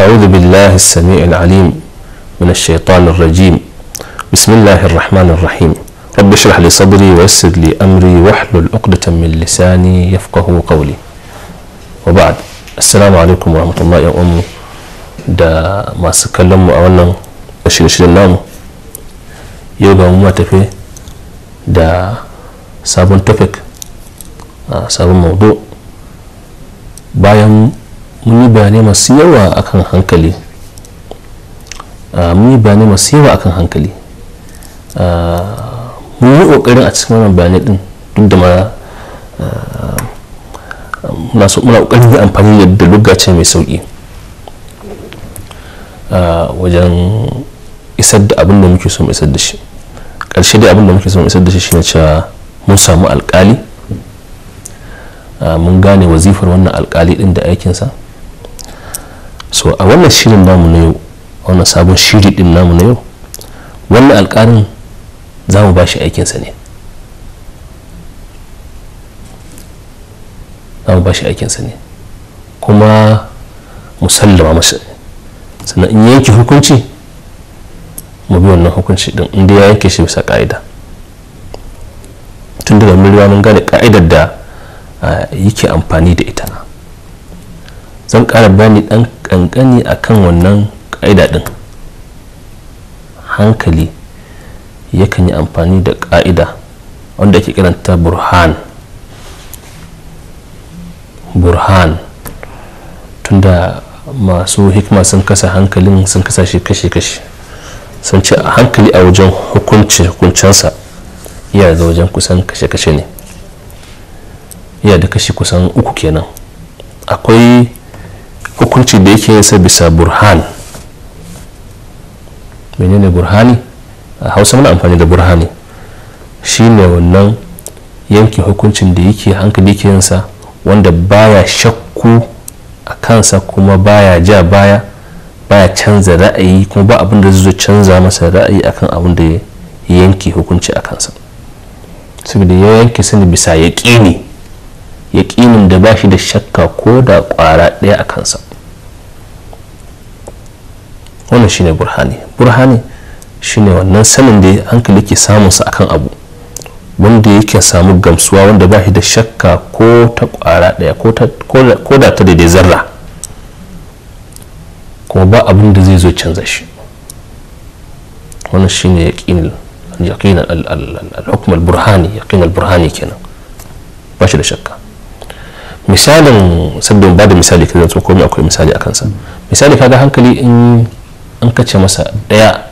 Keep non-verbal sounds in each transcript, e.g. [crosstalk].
أعوذ بالله السميع العليم من الشيطان الرجيم بسم الله الرحمن الرحيم رب اشرح لي صدري ويسر لي أمري واحلل عقدة من لساني يفقه قولي وبعد السلام عليكم ورحمة الله يا أمي دا ما سكلم أولا أشير أشير النام يوغا namu yau دا mu tafe da موضوع topic mun yi bayanai masu yawa akan hankali ah, mun yi bayanai masu yawa akan hankali ah, mun yi kokarin a cikin wannan bayanai din duk da ma ah, muna kokarin yi amfani da lugga ce mai sauki wajen isar da abin da muke so mu isar da shi ƙarshe da abin da muke so mu isar da shi shine cewa mun samu alƙali mun gane wazifar wannan alƙali din da aikinsa so a wannan shirin namu na yau wannan sabon shiri din namu na yau wannan alƙalin za mu ba shi aikinsa ne za mu ba shi aikinsa ne kuma musallama masa sannan in yanke hukunci mu bi wannan hukunci din inda ya yanke shi bisa ka'ida tun daga mun gane ka'idar da ah, yake amfani da ita zan ƙara bani ɗan ƙanƙani a kan wannan ƙa'ida ɗin hankali yakan yi amfani da ƙa'ida wanda ake kiranta burhan burhan tunda masu hikima sun kasa hankalin sun kasa shi kashe-kashe sun ce hankali a wajen hukunci hukuncinsa iya da wajen kusan kashe-kashe ne iya da kashe kusan uku kenan akwai hukunci da yake yasa bisa burhan menene burhani a hausa mana amfani da burhani shine wannan yanke hukuncin da yake hankali ke yinsa wanda baya shakku a kansa kuma baya ja baya baya canza ra'ayi kuma ba abin da zai canza masa ra'ayi akan abin da ya yanke hukunci a kansa saboda ya yanke sani bisa yaƙini yaƙinin da ba shi da shakka ko da ƙwara ɗaya a kansa wannan shine burhani burhani shine wannan sanin da hankali ke samunsa akan abu wanda yake samu gamsuwa wanda ba shi da shakka ko ta kwara daya ko da ta daidai zarra kuma ba abin da zai zo canza shi wannan shine yaqinan al-hukm al-burhani yaqin al-burhani kenan ba shi da shakka misalin sabbin ba da misali ka zantso komai akwai misali a kansa misali kaga hankali in an kace masa daya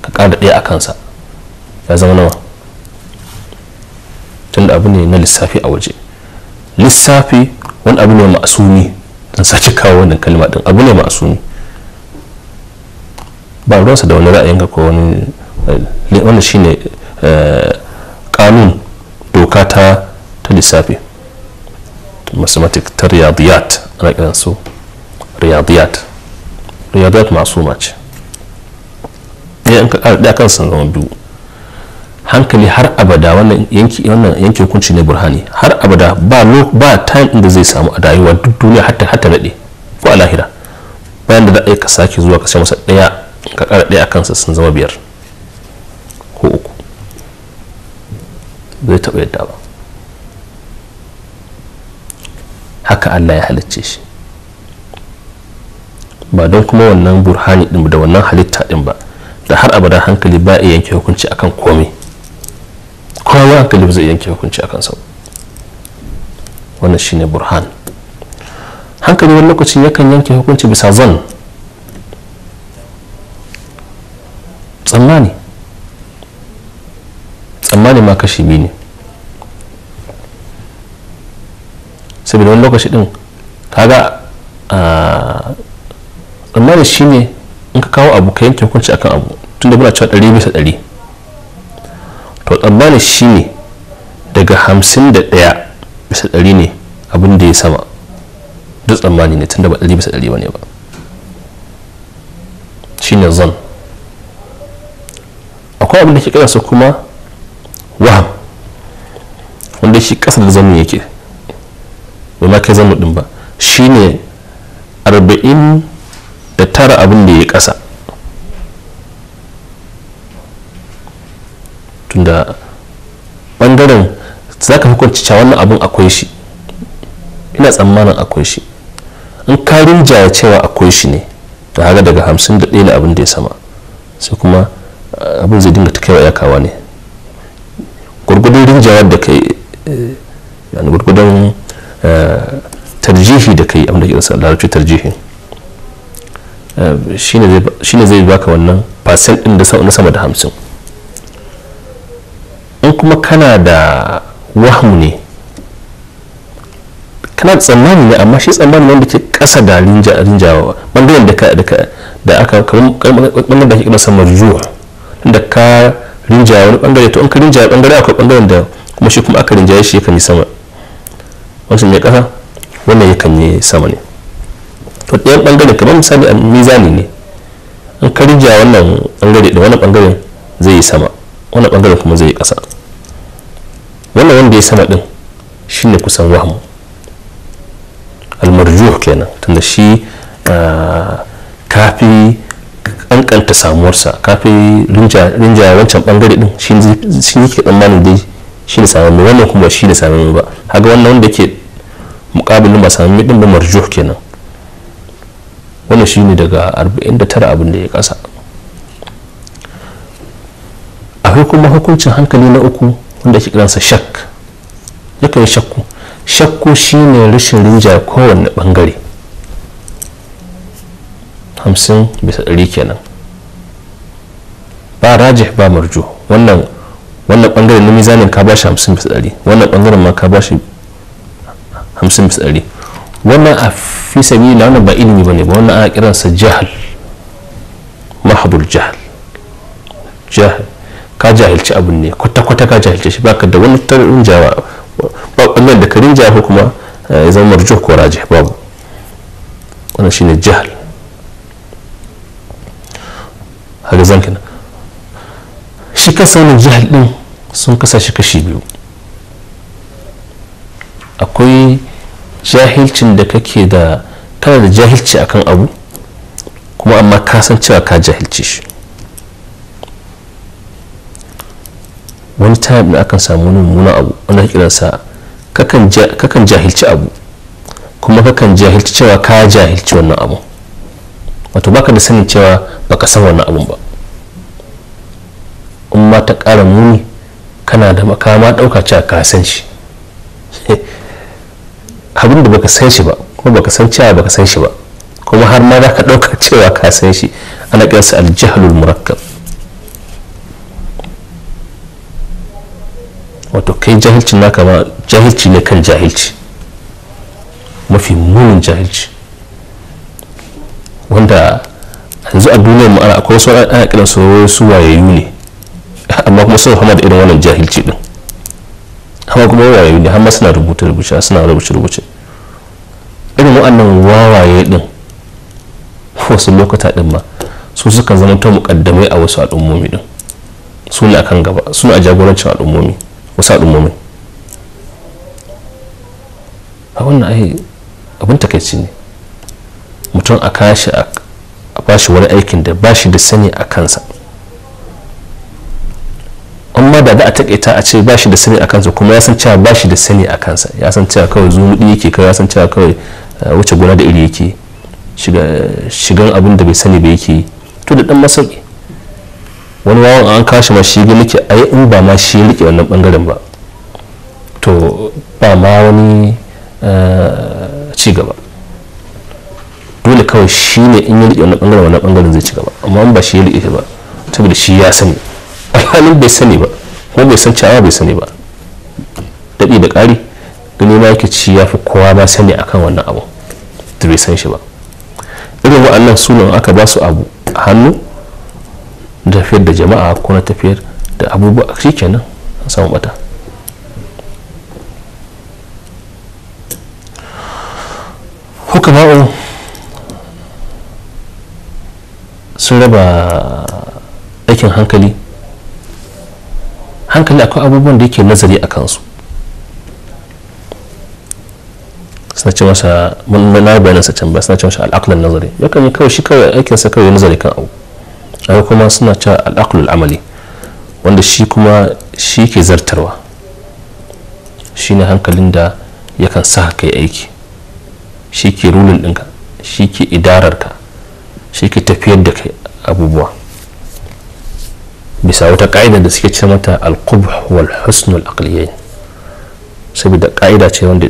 ka kada daya a kansa ya zama nawa tunda abu ne na lissafi a waje lissafi wani abu ne ma'asumi don sake kawo wannan kalma din abu ne ma'asumi ba ruwansa da wani ra'ayin ka ko wani eh, wannan shine kanun eh, doka ta lissafi mathematics ta riyadiyat ana kiran su riyadiyat riyadiyat masu mace ɗaya ka kan sun zama biyu hankali har abada wannan yanki wannan yanki hukunci ne burhani har abada ba ba time inda zai samu a rayuwa duk duniya hatta hatta daɗe ko a lahira bayan da za ka sake zuwa ka ce masa ɗaya ka ƙara ɗaya kansa sun zama biyar ko uku zai taɓa yadda ba haka Allah ya halicce shi ba don kuma wannan burhani din da wannan halitta din ba da har abada hankali ba iya yanke hukunci akan komai kowa hankali ba zai yanke hukunci akan sau wannan shine burhan hankali wani lokaci yakan yanke hukunci bisa zan tsammani tsammani ma kashi biyu ne saboda wani lokaci din kaga da ah, shi ne in ka kawo abu ka yanke hukunci akan abu tun da muna cewa ɗari bisa ɗari to tsammani shi ne daga hamsin da ɗaya bisa ɗari ne abin da ya sama duk tsammani ne tun da ba ɗari bisa ɗari ba ne ba shi ne zan akwai abin da ke ƙasa kuma waham wanda shi kasa da zanen yake ba ma kai zama din ba shine arba'in da tara abin da ya kasa tunda ɓangaren za ka hukunci cewa wannan abin akwai shi ina tsammanin akwai shi in ka rinjaya cewa akwai shi ne ta haga daga hamsin da ɗaya abin da ya sama sai kuma eh, abin zai dinga ta kaiwa yakawa ne gwargwadon rinjayar da yi eh, gwargwadon aiki da kai abinda kiransa larabci tarjihi ehm, shine zai baka wannan fasil din da na sama da hamsin in kuma kana da wahmu ne kana tsammani ne amma shi tsammani wanda ke kasa da rinjawa bangaren da aka bangaren da ake kira samar zuwa da ka rinjawa wani bangare to in ka rinjawa bangare akwai bangaren da kuma shi kuma aka rinjaye shi ya kan yi sama wancan mai kasa wannan ya yi sama ne to ɗayan ɓangare kamar misali a mizani ne an ka wannan ɓangare da wannan ɓangaren zai yi sama wannan ɓangaren kuma zai yi ƙasa wannan wanda ya sama ɗin shi ne kusan wahamu almarjuh kenan tunda shi ah, kafi ƙanƙanta samuwarsa kafi rinja wancan ɓangare ɗin shi ɗan manin dai shi ne samun wannan kuma shi ne samun ba haga wannan wanda ke mukabilin ba sami din da marjuh kenan wannan shine daga 49 abin da ya kasa akwai kuma hukuncin hankali na uku wanda ke kiransa shak ya kai shakku shakku shine rashin rinja kowanne bangare 50 bisa 100 kenan ba rajih ba marju wannan wannan bangare na mizanin ka ba shi 50 bisa 100 wannan bangaren ma ka ba shi. hamsin bisa ɗari wannan a fi sabila wannan ba ilimi ba ne ba wannan ana kiransa jahal mahabul jahal jahal ka jahilci abin ne kwata-kwata ka jahilci shi baka da wani tarin jawa ba ɓangar da karin jawa kuma ya eh, zama marjo ko rajih babu wannan shine jahal haka zan shi kansa wannan jihar din sun kasa shi kashi biyu akwai jahilcin da kake da kana da jahilci akan abu kuma amma ka san cewa ka jahilci shi wani time da akan samu wani mummunan abu wanda kiransa kakan jahilci abu kuma kakan jahilci cewa ka jahilci wannan abu wato baka da sanin cewa baka san wannan abun ba in ma ta kara muni kana da makama dauka cewa ka san shi [laughs] abin da baka san shi ba ko baka san cewa baka san shi ba kuma har ma za ka ɗauka [laughs] cewa ka san shi ana kiransa aljahalul murakkab wato kai jahilcin naka ma jahilci ne kan jahilci mafi munin jahilci wanda yanzu a duniyar mu ana akwai sauran ana kiran su wai su wayayyu ne amma kuma sun fama da irin wannan jahilci din amma kuma wayayyu ne har ma suna rubuta rubuce suna rubuce rubuce wa'annan wawaye din wasu lokuta din ma su suka zama ta mukaddamai a wasu al'ummomi din su ne akan gaba su ne a jagorancin al'ummomi wasu al'ummomi a wannan ai abin takaici ne mutum a kashi a bashi wani aikin da bashi da sani a kansa ba za a takaita a ce bashi da sani a kansa kuma ya san cewa bashi da sani a kansa ya san cewa kawai zumuɗi yake kawai ya san cewa kawai eh, wuce gona da iri yake shigan abin da bai sani ba yake to da dan masauki wani wawan an kashi ma shi ga nake a yi in ba ma shi ya rike wannan bangaren ba to ba ma wani eh, ci gaba dole kawai shi ne in yi rike wannan bangaren wannan bangaren zai ci gaba amma in ba shi ya rike ba saboda shi ya sani alhalin bai sani ba kuma bai san cewa bai sani ba daɗi da ƙari da ma yake ci ya fi kowa ma sani akan wannan abu da bai san shi ba irin wa'annan sunan aka ba su abu hannu da tafiyar da jama'a ko na tafiyar da abubuwa shi kenan a samu bata hukama'u sun raba aikin hankali hankali akwai abubuwan da yake nazari a kansu suna ce masa na bayanin sa can ba suna ce masa al'aqlan nazari yakan kan yi kawai shi kawai aikin sa kawai nazari kan abu amma kuma suna ce al'aqlul amali wanda shi kuma shi ke zartarwa shi ne hankalin da yakan sa kai aiki shi ke rulin ɗinka shi ke idararka shi ke tafiyar da kai abubuwa bisa wata ka'ida da suke ce mata alqubh wal husnul al saboda ka'ida ce wanda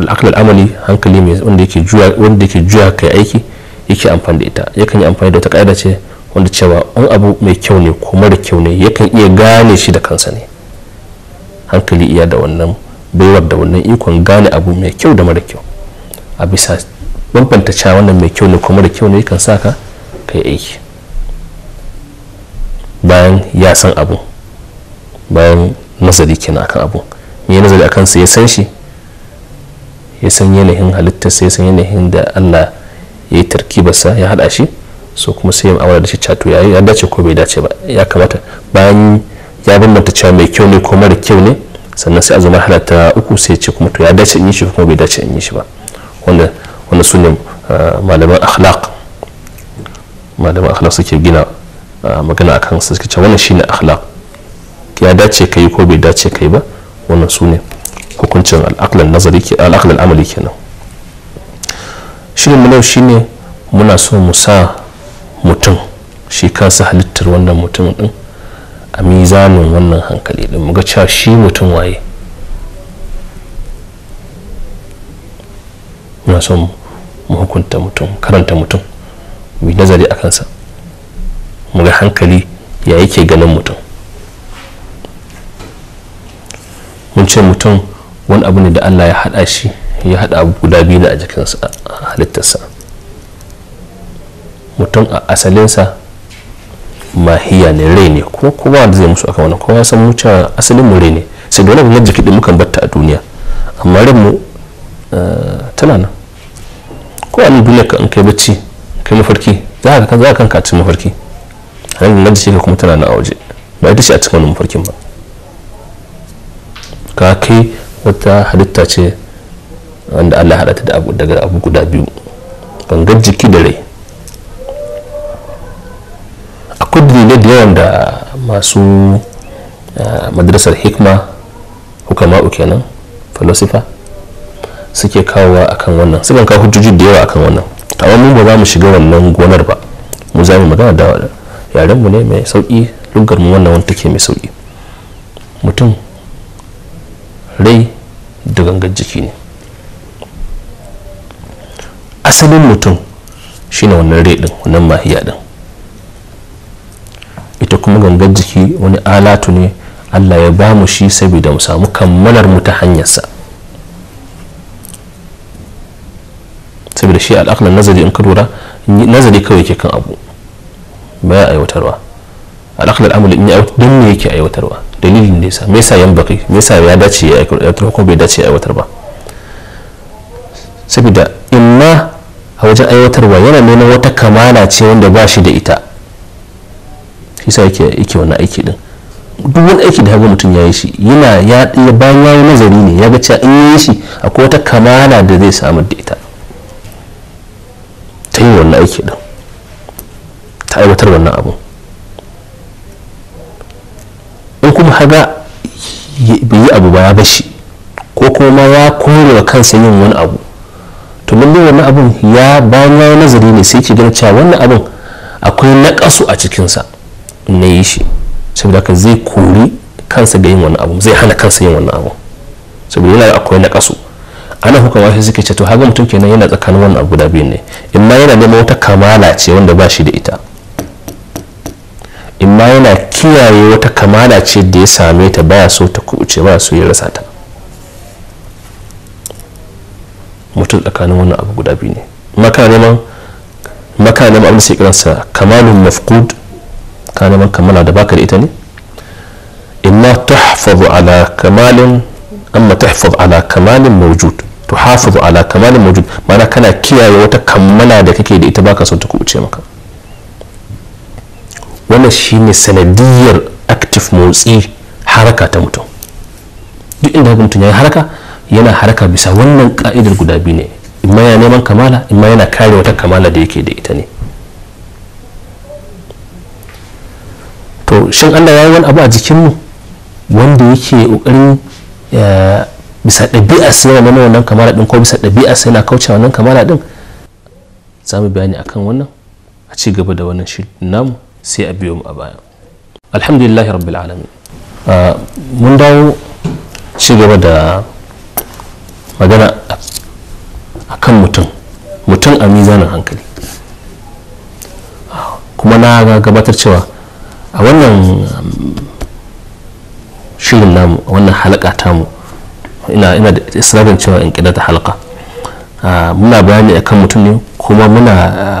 al'aql al'amali hankali mai wanda yake juya wanda yake juya kai aiki yake amfani da ita yakan yi amfani da wata ka'ida ce wanda cewa in abu mai kyau ne ko mara kyau ne yakan iya gane shi da kansa ne hankali iya da wannan baiwar da wannan ikon gane abu mai kyau da mara kyau a bisa bambanta cewa wannan mai kyau ne ko mara kyau ne yakan sa ka kai aiki bayan ya san abu bayan nazari kenan akan abu me nazari akan sa ya san shi ya san yanayin halittar sai san yanayin da Allah ya yi tarkibarsa ya hada shi so kuma sai ya amara da shi cato ya ya dace ko bai dace ba ya kamata bayan ya bambanta cewa mai kyau ne ko mara kyau ne sannan sai a zama halatta uku sai ce kuma to ya dace in yi shi kuma bai dace in yi shi ba wanda wanda su ne ah, malaman akhlaq malaman akhlaq suke gina Ah, magana akan su suke cewa wannan shine akhlaq ya dace kai ko bai dace kai ba wannan sune hukuncin al'aqlan nazari ke al'aqlan amali kenan shirin mu shine muna so mu sa mutum shi kansa halittar wannan mutum din a mizanin wannan hankali din muga cewa shi mutum waye muna so mu hukunta mutum karanta mutum mu yi nazari a kansa mu ga hankali ya yake ganin mutum mun ce mutum wani abu ne da allah ya hada shi ya hada abu guda biyu a jikin a halittarsa mutum a asalinsa mahiya ne rai ne kuma kowa wanda zai musu aka wani kowa san mu cewa asalin mu rai ne sai da wani jiki din muka batta a duniya amma rai mu eh, tana nan ko a duniya ka in kai bacci kai mafarki za ka kanka a mafarki hanyar da ce kuma tana na a waje ba ita ce a cikin wani ba ka kai wata halitta ce wanda allah haɗa ta daga abu guda biyu gangar jiki da rai akwai dalilai da yawan da masu eh, madrasar hikma hukama'u kenan falasifa suke kawowa akan wannan sukan kawo hujjoji da yawa akan wannan amma mu ba za mu shiga wannan gonar ba mu za mu magana da yarenmu ne mai sauki mu wannan wanda take mai sauki mutum rai da gangar jiki ne asalin mutum shine wannan rai din wannan mahiya din ita kuma gangar jiki wani alatu ne allah ya ba mu shi saboda mu samu kammalar mu ta hanyarsa saboda shi al'aklan nazari in ka lura nazari kawai ke kan abu ba ya aiwatarwa alakhil al'amuli in ya aiwatar don me yake aiwatarwa dalilin da yasa me sa yan baki me sa ya dace ya aiwatar ko bai dace ya aiwatar ba saboda ma a wajen aiwatarwa yana nuna wata kamana ce wanda ba shi da ita shi sa yake yake wannan aiki din duk wani aiki da hagu mutum ya yi shi yana ya bayan ya yi nazari ne ya ga cewa in yi shi akwai wata kamana da zai samar da ita ta yi wannan aiki din buƙatar wannan abu in kuma haga bai yi abu ba ya bashi ko kuma ya kore wa kansa yin wani abu to lallai wani abun ya bayan ya nazari ne sai ke gina cewa wannan abun akwai naƙasu a cikinsa na yi shi saboda ka zai kori kansa ga yin wani abu zai hana kansa yin wani abu saboda yana akwai naƙasu ana hukama shi suke ce to haga mutum kenan yana tsakanin wannan abu guda biyu ne in ma yana neman wata kamala ce wanda ba shi da imma yana kiyaye wata kamala ce da ya same ta baya so ta kuce ba so ya rasa ta mutum tsakanin wannan abu guda biyu ne maka neman abin sai kiransa kamalun mafqud ka neman kamala da baka da ita ne imma tahfazu ala kamalin amma tahfaz ala kamalin mawjud tuhafazu ala kamalin mawjud ma'ana kana kiyaye wata kammala da kake da ita baka so ta kuce maka wannan shine sanadiyar active motsi haraka ta mutum duk inda mutum ya yi haraka yana haraka bisa wannan ka'idar guda biyu ne imma yana neman kamala imma yana kare wata kamala da yake da ita ne to shin allah ya yi wani abu a jikinmu wanda yake kokarin bisa ɗabi'a sai yana neman wannan kamala din ko bisa ɗabi'a sai yana kauce wannan kamala din za mu bayani akan wannan a ci da wannan shirin namu sai a biyo mu a baya alhamdulillah rabbil alamin ah, mun dawo ci gaba da magana akan mutum mutum a mizanin hankali kuma na gabatar cewa a wannan um, shirin namu a wannan halaka tamu ina da isra'in cewa in kida ta halaka Ah, muna bayani akan mutum ne kuma muna ah,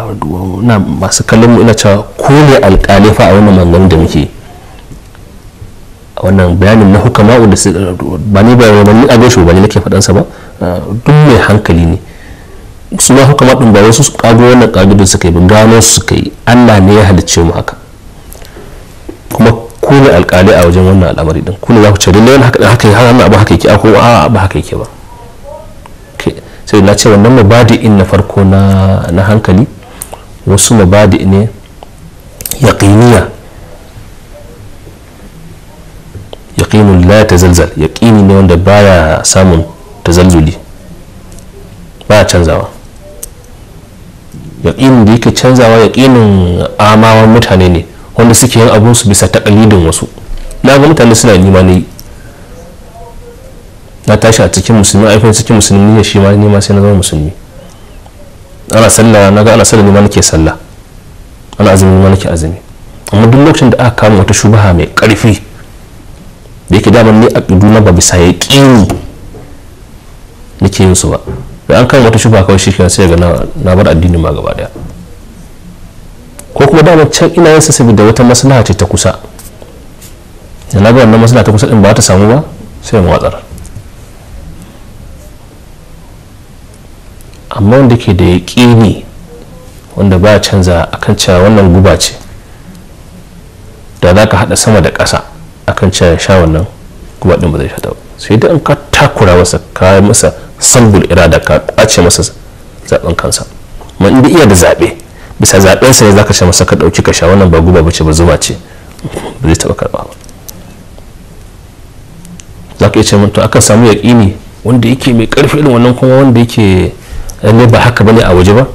masu kallon ina cewa ko ne fa a wannan mangan da muke wannan bayanin na hukama wanda ba ni ba ni a gaishe ba ne nake faɗansa ba ah, duk mai hankali ne su na hukama ɗin ba wasu kago wannan ƙagidin suka yi gano su suka yi allah ne ya halicce mu haka kuma ku ne alƙali a wajen wannan al'amari din ku ne za ku ce lallai haka haka haka haka ko a ba haka yake ba sai na ce wannan mabadi'in na farko na hankali wasu mabadi ne yaƙiniya yaƙinun la ta zalzal yaƙini ne wanda baya samun ta zalzuli baya canzawa yaƙinin da yake canzawa yaƙinin amawan mutane ne wanda suke yin abun su bisa taƙalidin wasu na ga mutane suna imani na tashi a cikin musulmi a aikin cikin musulmi ne shi ma ne ma sai na zama musulmi ana sallah na ga ana sallah ne ma nake sallah ana azumi ma nake azumi amma duk lokacin da aka kama wata shubaha mai karfi da yake daman ni a na ba bisa ya ƙini nake yin su ba da an kama wata shubaha kawai shi sai ga na bar addini ma gaba daya ko kuma daman can ina yin sa da wata maslaha ce ta kusa da na ga wannan maslaha ta kusa din ba ta samu ba sai mu watsar amma wanda ke da yaƙini wanda ba canza akan cewa wannan guba ce da za ka haɗa sama da ƙasa akan cewa sha wannan guba ɗin ba zai shata ba sai dai in ka takura masa ka yi masa sambul irada ka ƙwace masa zaɓen kansa amma in iya da zaɓe bisa zaɓensa ne za ka sha masa ka ɗauki ka sha wannan ba guba ba ce ba zuma ce ba zai taɓa karɓa ba za ka iya ce mun to akan samu yaƙini wanda yake mai ƙarfi irin wannan kuma wanda yake ne ba haka bane a waje ba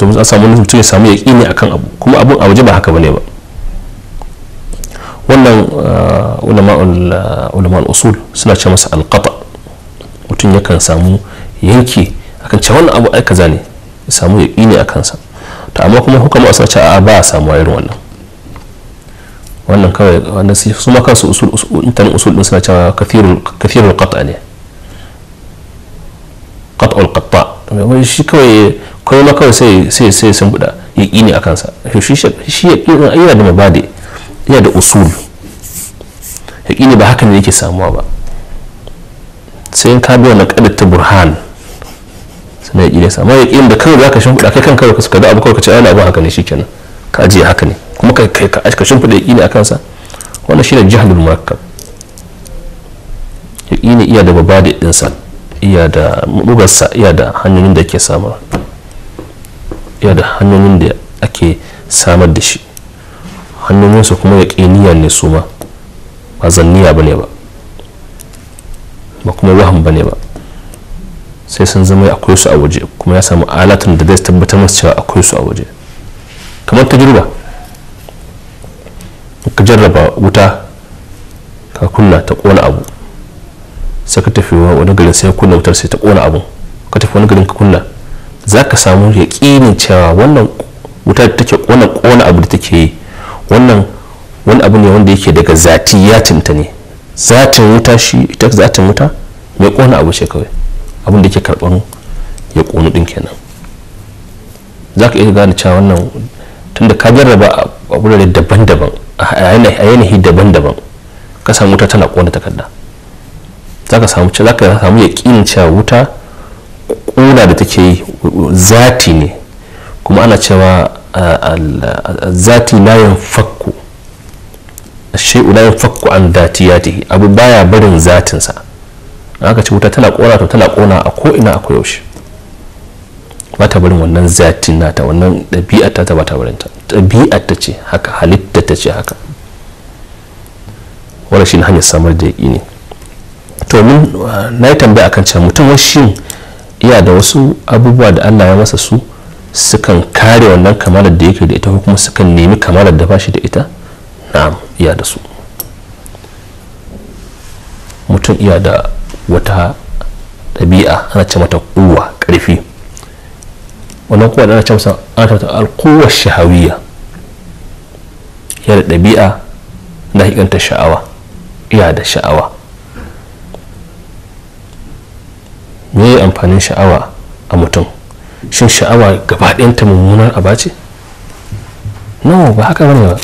to mun samu mutum ya samu yaƙini akan abu kuma abun a waje ba haka bane ba wannan uh, ulama uh, usul suna ce masa alƙata mutum yakan samu yanki akan ce wannan abu aika zane ya samu ne a kansa to amma kuma hukama suna ce a ba a samu irin wannan wannan kawai wanda su ma kansu usul intanin usul din suna cewa kathirul qat'a ne qat'ul qatta mai shi kawai kwallo kawai sai sai sai sun buɗa ya ne a kansa shi shi ya ƙini yana da mabade yana da usul ya ƙi ne ba haka ne yake samuwa ba sai in ka bi wannan ƙadar ta burhan sai ya ne samuwa ya ƙini da kawai za ka shimfiɗa kai kan kawai ka da abu kawai ka ce ana abu haka ne shikenan ka ajiye haka ne kuma ka ka shimfiɗa ya ƙi ne a kansa wannan shi ne jihar murakkab ya ƙi ne iya da mabade ɗinsa iya da bugarsa iya da hanyoyin da ke samar iya da hanyoyin da ake samar da shi hanyoyinsu kuma ya ƙiniya ne su ma ba zanniya ba ne ba ba kuma wahan ba ne ba sai sun zama akwai su a waje kuma ya samu alatun da zai tabbatar masu cewa akwai su a waje kamar ta jirba ka jarraba wuta ka kunna ta kona abu sai ka tafi wani garin sai kunna wutar sai ta kona abu ka tafi wani garin ka kunna za ka samu yaƙinin cewa wannan wuta da take kona kona abu da take yi wannan wani abu ne wanda yake daga zati ya tinta ne zatin wuta shi ita zatin wuta mai kona abu ce kawai abin da yake karban ya kona din kenan za ka iya gane cewa wannan tunda ka jarraba a wurare daban-daban a yanayi daban-daban ka samu wuta tana kona takarda zaka samu zaka samu kin cewa wuta kuna da take yi zati ne kuma ana cewa zati layin fakku shi la fakku an ya datiyatihi abu baya barin zatinsa aka ce wuta tana kona to tana kona a ko ina akwai yaushe ba ta barin wannan zati nata wannan ɗabi'ar ta ba ta barin ta ɗabi'ar ta ce haka halitta ta ce haka wannan shi hanyar samar da yaƙini ne to mun ah, na yi tambaya akan cewa mutum wasu iya da wasu abubuwa da allah ya masa su sukan kare wannan kamar da yake da ita ko kuma sukan nemi kamar da bashi shi da ita na'am iya da su mutum iya da wata ɗabi'a ana ce mata kowa ƙarfi wannan kowa da ana ce masa ana alkowar shahawiya ya da ɗabi'a na hikanta sha'awa iya da sha'awa me amfanin sha'awa a mutum shin sha'awa ta mummunar aba ce no ba haka bane ba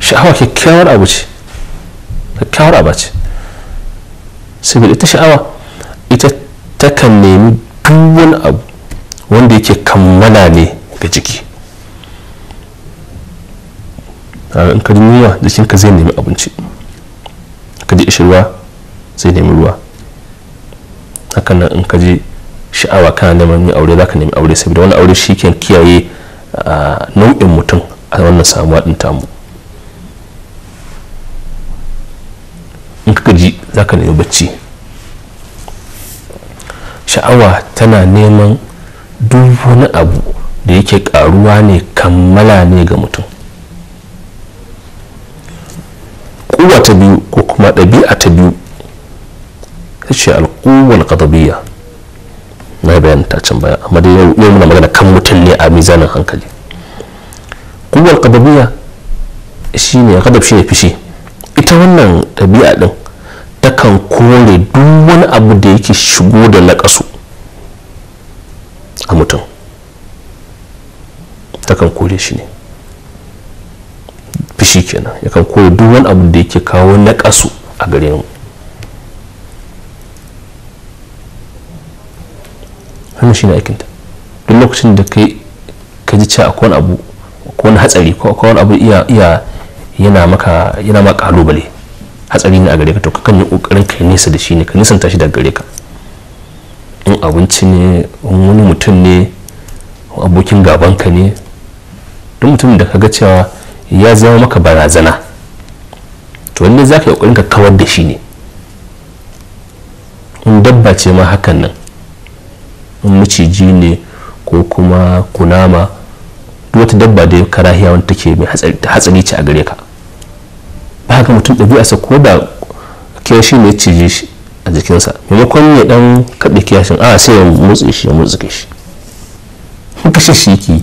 sha'awa kyakkyawar abu ce kyakkyawar aba ce saboda ita sha'awa ita takan nemi duwan abu wanda yake kammala ne ga jiki in ka ji yunwa jikinka zai nemi abinci ka ji ishirwa zai nemi ruwa hakanan in ka je sha'awa kana neman yin aure zaka nemi aure saboda wani aure shi ke kiyaye nau'in mutum a wannan samuwa din tamu in ka ji zaka nemi bacci sha'awa tana neman duk wani abu da yake karuwa ne kammala ne ga mutum kuwa ta biyu ko kuma ɗabi'a ta biyu ta ce alƙadabiyya na bayan ta can baya دي dai yau muna kan mutum ne a mizanin hankali شيني غضب shi ne gadab shi ne ita wannan ɗabi'a ɗin takan kore duk wani abu da yake shigo da a mutum takan kore shi ne fushi kenan yakan kore duk wani abu da yake kawo naƙasu a gare mu wannan shine aikinta duk lokacin da kai ka ji cewa akwai abu ko wani hatsari ko akwai wani abu iya iya yana maka yana maka kalubale hatsari ne a gare ka to kakan yi kokarin ka nisa da shi ne ka nisanta shi daga gare ka in abinci ne in wani mutum ne abokin gaban ka ne duk mutum da ka ga cewa ya zama maka barazana to wanda za ka yi kokarin ka kawar da shi ne in dabba ce ma hakan nan in maciji ne ko kuma kunama wata dabba da karahiya wanda take mai hatsari ce a gare ka ba ga mutum ɗabi'arsa ko da shi ne cije shi a jikinsa maimakon ya dan kaɗe shi a sai ya mutse shi ya mutse shi in kashe shi yake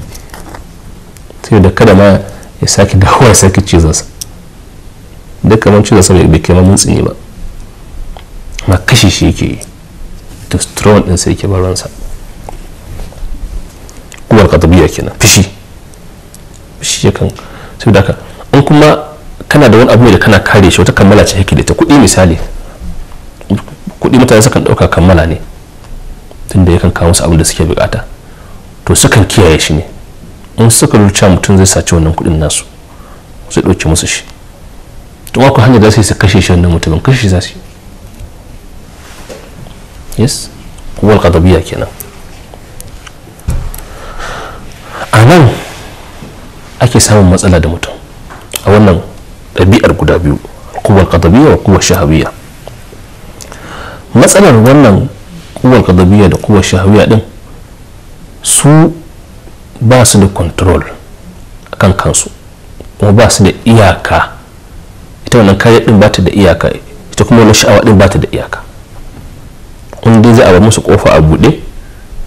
sai da kada ma ya sake dawowa ya sake cizonsa duk kamar cizonsa bai kai ma mutse ba ma kashe shi yake strong ɗin sai ke baransa kuwar qadabiyya kenan fishi fishi yakan da ka in kuma kana da wani abu da kana kare shi wata kammala ce yake da ta kuɗi misali kuɗi mutane sukan ɗauka kammala ne tunda yakan kawo musu abin da suke bukata to sukan kiyaye shi ne in suka rubuta mutum zai saci wannan kuɗin nasu sai ɗauki musu shi to ku hanyar da sai su kashe shi wannan mutumin kashe shi za su yes kuwar qadabiyya kenan a nan ake samun matsala da mutum a wannan ɗabi'ar guda biyu kuwar kadabiyya da kuwar shahabiyya matsalar wannan kuwar kadabiyya da kuwar shahabiyya din su ba su da control kan kansu kuma ba su da iyaka ita wannan kayan din ba ta da iyaka ita kuma wani sha'awa din ba ta da iyaka in dai za a bar musu kofa a buɗe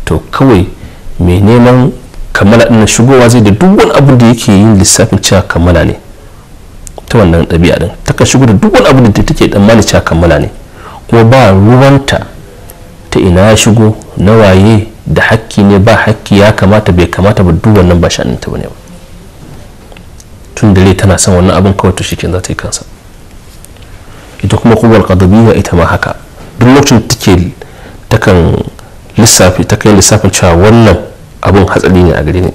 to kawai mai neman kammala din shigowa zai da duk wani abu da yake yin lissafin cewa kammala ne ta wannan ɗabi'a din ta kan shigo da duk wani abu da take tsammani cewa kamala ne kuma ba ruwanta ta ina ya shigo na waye da hakki ne ba hakki ya kamata bai kamata ba duk wannan ba sha'anin ta bane ba tun dare tana son wannan abin kawai to shikin za ta yi kansa ita kuma kuwar qadabiyya ita ma haka duk lokacin take takan lissafi ta kai lissafin cewa wannan abin hatsari ne a gare ni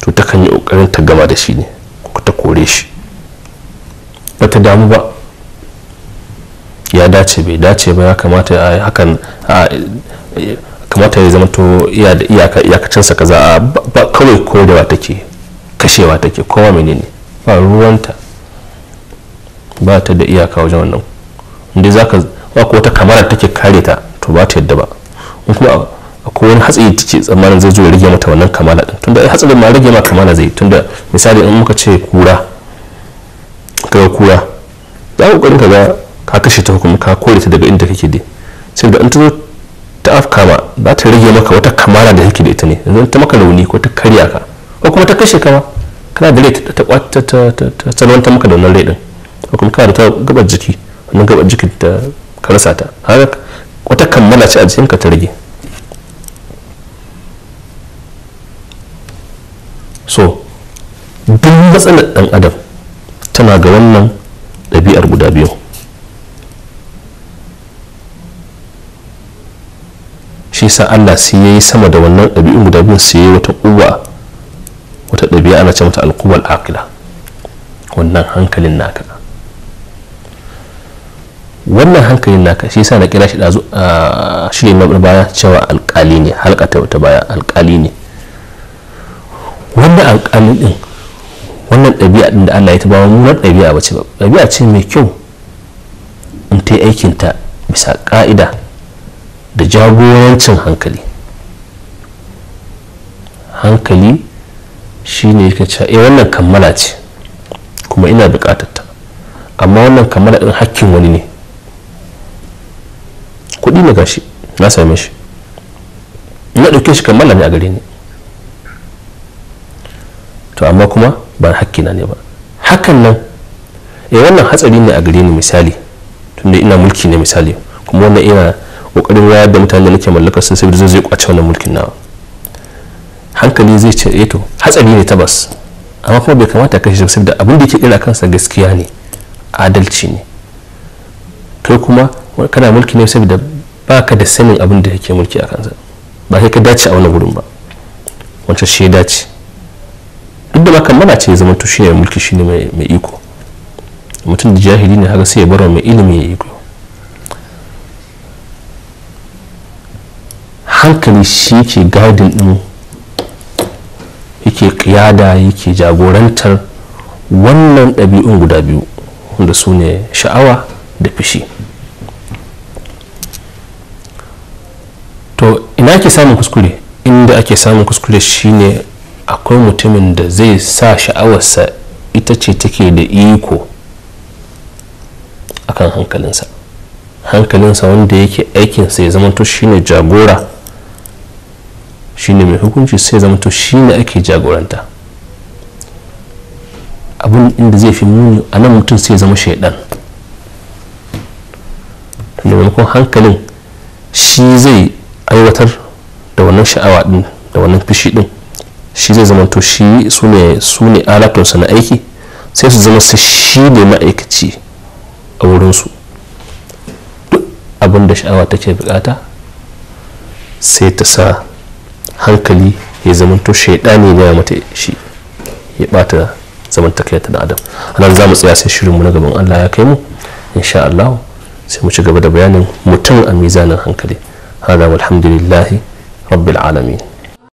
to ta kan yi ƙoƙarin ta gama da shi ne ko ta kore shi ba ta damu ba ya dace bai dace ba ya kamata a hakan kamata ya zama to iyakacinsa kaza ba kawai korewa ke kashewa ke kowa menene ba ruwanta ba ta da iyaka wajen wannan inda za ka wata kamara take kare ta to ba ta yadda ba in kuma akwai wani hatsari da ke tsammanin zai zo ya rage mata wannan kamala din tunda ai hatsarin ma rage ma kamala zai tunda misali in muka ce kura ka kura za ku ka ga ka kashe ta hukuma ka kore ta daga inda kake dai sai da in ta zo ta afka ba za ta rage maka wata kamala da kake da ita ne yanzu ta maka rauni ko ta karya ka ko kuma ta kashe ka ma kana da rai ta kwata ta salwanta maka da wannan rai din ko kuma da ta gabar jiki wannan gabar jikin ta ka rasa ta haka wata kammala ce a jikinka ta rage so duk matsalar ɗan adam tana ga wannan ɗabi'ar guda biyu shi sa allah sai ya yi sama da wannan ɗabi'un guda biyu sai ya yi wata ƙuwa wata ɗabi'a ana ce mata alƙuwar akila wannan hankalin naka wannan hankalin naka shi sa na kira shi ɗazu a ah, shirin na baya cewa alƙali ne halka ta baya alƙali ne wanda alƙalin ɗin wannan ɗabi'a ɗin da Allah ya taba mu nan ɗabi'a bace ba ɗabi'a ce mai kyau in ta aikin ta bisa ƙa'ida da jagorancin hankali hankali shine yake cewa eh wannan kammala ce kuma ina buƙatar ta amma wannan kammala din hakkin wani ne kuɗi na gashi na same shi na ɗauke shi kammala ne a gare ni to amma kuma ba hakkina ne ba hakan nan eh wannan hatsari ne a gare ni misali tunda ina mulki ne misali kuma wannan ina kokarin wayar da mutane da nake mallaka sun sai zai kwace wannan mulkin nawa hankali zai ce eh to hatsari ne tabbas amma kuma bai kamata kashe shi saboda abin da ke kira kansa gaskiya ne adalci ne kai kuma kana mulki ne saboda baka da sanin abin da yake mulki a kansa ba kai ka dace a wani gurin ba wancan shi ya dace inda ba kan mana ce zama tushe ya mulki shine mai iko mutum da jahili ne haka sai ya barwa mai ilimi ya iko hankali shi ke gadin din yake kiyada yake jagorantar wannan ɗabi'un guda biyu wanda su ne sha'awa da fishi to ina ake samun kuskure inda ake samun kuskure shine akwai mutumin da zai sa sha'awarsa ita ce take da iko akan hankalinsa hankalinsa wanda yake aikinsa ya zamanto shine jagora shine mai hukunci sai zamanto shine ake jagoranta abin inda zai fi muni a nan mutum sai zama shaidan da maimakon hankalin shi zai aiwatar da wannan sha'awa din da wannan fushi din shi zai zama to shi su ne su alatunsa na aiki sai su zama su shi ne ma'aikaci a wurinsu duk abin da sha'awa take bukata sai ta sa hankali ya zama to shaidani ne ya mata shi ya bata zaman takaita da adam anan za mu tsaya sai shirinmu na gaban allah ya kai mu insha allah sai mu ci gaba da bayanin mutum a mizanin hankali hada alhamdulillahi rabbil alamin